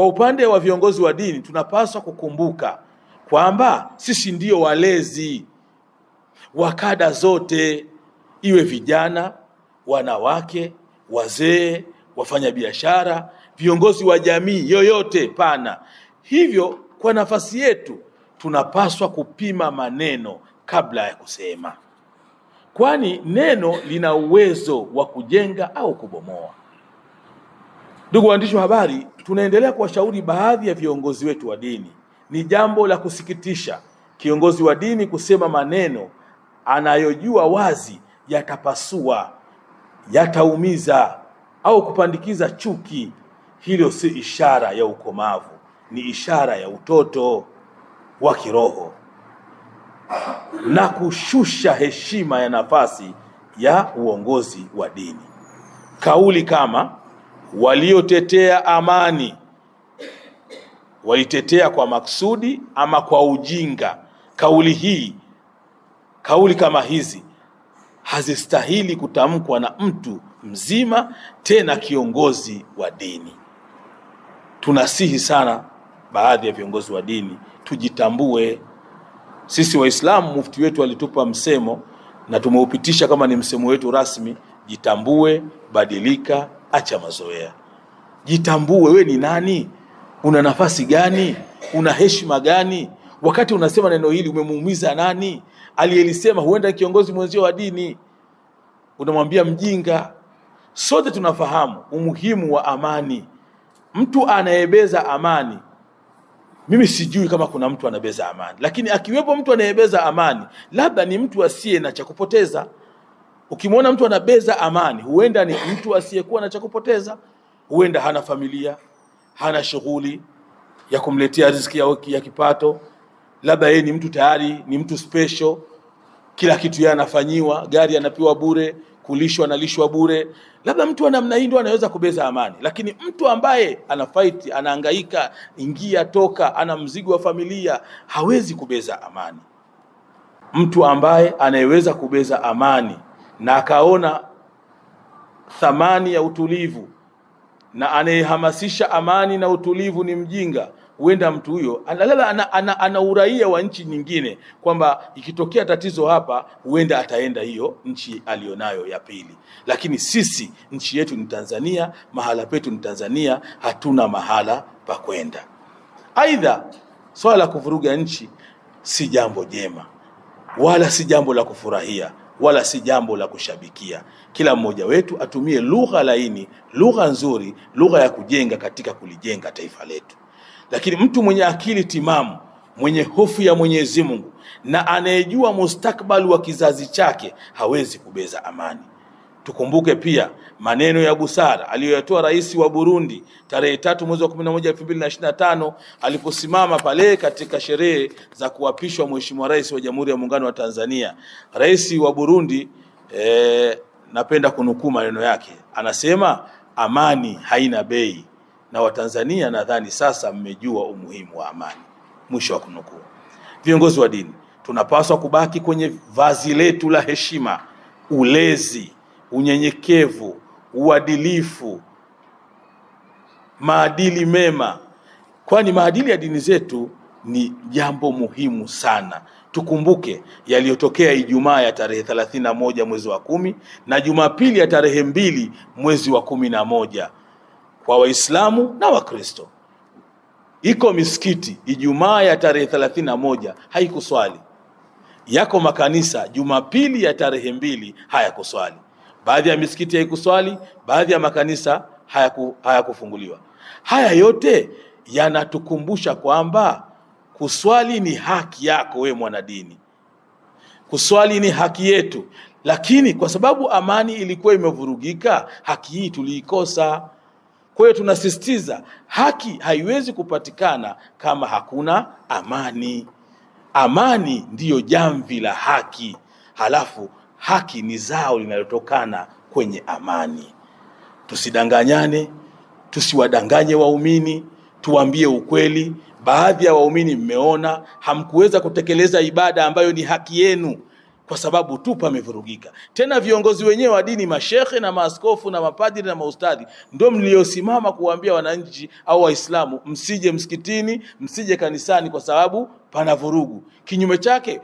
Kwa upande wa viongozi wa dini, tunapaswa kukumbuka kwamba sisi ndio walezi wa kada zote, iwe vijana, wanawake, wazee, wafanyabiashara, viongozi wa jamii yoyote pana. Hivyo kwa nafasi yetu tunapaswa kupima maneno kabla ya kusema, kwani neno lina uwezo wa kujenga au kubomoa. Ndugu waandishi wa habari, tunaendelea kuwashauri baadhi ya viongozi wetu wa dini. Ni jambo la kusikitisha kiongozi wa dini kusema maneno anayojua wazi yatapasua, yataumiza au kupandikiza chuki. Hilo si ishara ya ukomavu, ni ishara ya utoto wa kiroho na kushusha heshima ya nafasi ya uongozi wa dini. Kauli kama waliotetea amani walitetea kwa maksudi ama kwa ujinga. Kauli hii, kauli kama hizi hazistahili kutamkwa na mtu mzima, tena kiongozi wa dini. Tunasihi sana baadhi ya viongozi wa dini, tujitambue sisi Waislamu. Mufti wetu alitupa msemo na tumeupitisha kama ni msemo wetu rasmi: jitambue, badilika acha mazoea, jitambue. We ni nani? Una nafasi gani? Una heshima gani? Wakati unasema neno hili umemuumiza nani? Aliyelisema huenda kiongozi mwenzio wa dini, unamwambia mjinga. Sote tunafahamu umuhimu wa amani. Mtu anayebeza amani, mimi sijui kama kuna mtu anabeza amani, lakini akiwepo mtu anayebeza amani, labda ni mtu asiye na cha kupoteza. Ukimwona mtu anabeza amani, huenda ni mtu asiyekuwa na cha kupoteza, huenda hana familia, hana shughuli ya kumletea riziki ya, ya kipato, labda yeye ni mtu tayari ni mtu special, kila kitu yeye anafanyiwa, gari anapewa bure, kulishwa analishwa bure. Labda mtu wa namna hii ndio anaweza kubeza amani, lakini mtu ambaye ana fight, anahangaika, ingia toka, ana mzigo wa familia, hawezi kubeza amani. Mtu ambaye anayeweza kubeza amani na akaona thamani ya utulivu, na anayehamasisha amani na utulivu ni mjinga. Huenda mtu huyo analala ana, ana, ana uraia wa nchi nyingine, kwamba ikitokea tatizo hapa, huenda ataenda hiyo nchi aliyonayo ya pili. Lakini sisi nchi yetu ni Tanzania, mahala petu ni Tanzania, hatuna mahala pa kwenda. Aidha, swala la kuvuruga nchi si jambo jema wala si jambo la kufurahia wala si jambo la kushabikia. Kila mmoja wetu atumie lugha laini, lugha nzuri, lugha ya kujenga katika kulijenga taifa letu. Lakini mtu mwenye akili timamu, mwenye hofu ya Mwenyezi Mungu na anayejua mustakbali wa kizazi chake hawezi kubeza amani. Tukumbuke pia maneno ya busara aliyoyatoa rais wa Burundi tarehe tatu mwezi wa 11 aliposimama pale katika sherehe za kuapishwa Mheshimiwa Rais wa Jamhuri ya Muungano wa Tanzania. Rais wa Burundi eh, napenda kunukuu maneno yake, anasema amani haina bei, na Watanzania nadhani sasa mmejua umuhimu wa amani, mwisho wa kunukuu. Viongozi wa dini tunapaswa kubaki kwenye vazi letu la heshima, ulezi unyenyekevu, uadilifu, maadili mema, kwani maadili ya dini zetu ni jambo muhimu sana. Tukumbuke yaliyotokea Ijumaa ya tarehe thelathini na moja mwezi wa kumi na Jumapili ya tarehe mbili mwezi wa kumi na moja kwa Waislamu na Wakristo. Iko misikiti Ijumaa ya tarehe thelathini na moja haikuswali, yako makanisa Jumapili ya tarehe mbili hayakuswali baadhi ya misikiti haikuswali, baadhi ya makanisa hayakufunguliwa. Haya, haya yote yanatukumbusha kwamba kuswali ni haki yako wewe mwanadini, kuswali ni haki yetu, lakini kwa sababu amani ilikuwa imevurugika, haki hii tuliikosa. Kwa hiyo tunasisitiza haki haiwezi kupatikana kama hakuna amani. Amani ndiyo jamvi la haki, halafu haki ni zao linalotokana kwenye amani. Tusidanganyane, tusiwadanganye waumini, tuambie ukweli. Baadhi ya waumini mmeona hamkuweza kutekeleza ibada ambayo ni haki yenu kwa sababu tu pamevurugika. Tena viongozi wenyewe wa dini, mashekhe na maaskofu na mapadri na maustadhi, ndio mliosimama kuwaambia wananchi au Waislamu, msije msikitini, msije kanisani kwa sababu pana vurugu. Kinyume chake,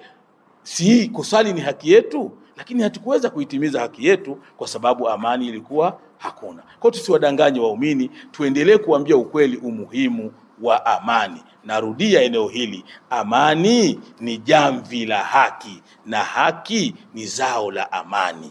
si kusali ni haki yetu lakini hatukuweza kuitimiza haki yetu kwa sababu amani ilikuwa hakuna. Kwa tusiwadanganye waumini, tuendelee kuambia ukweli, umuhimu wa amani. Narudia eneo hili, amani ni jamvi la haki na haki ni zao la amani.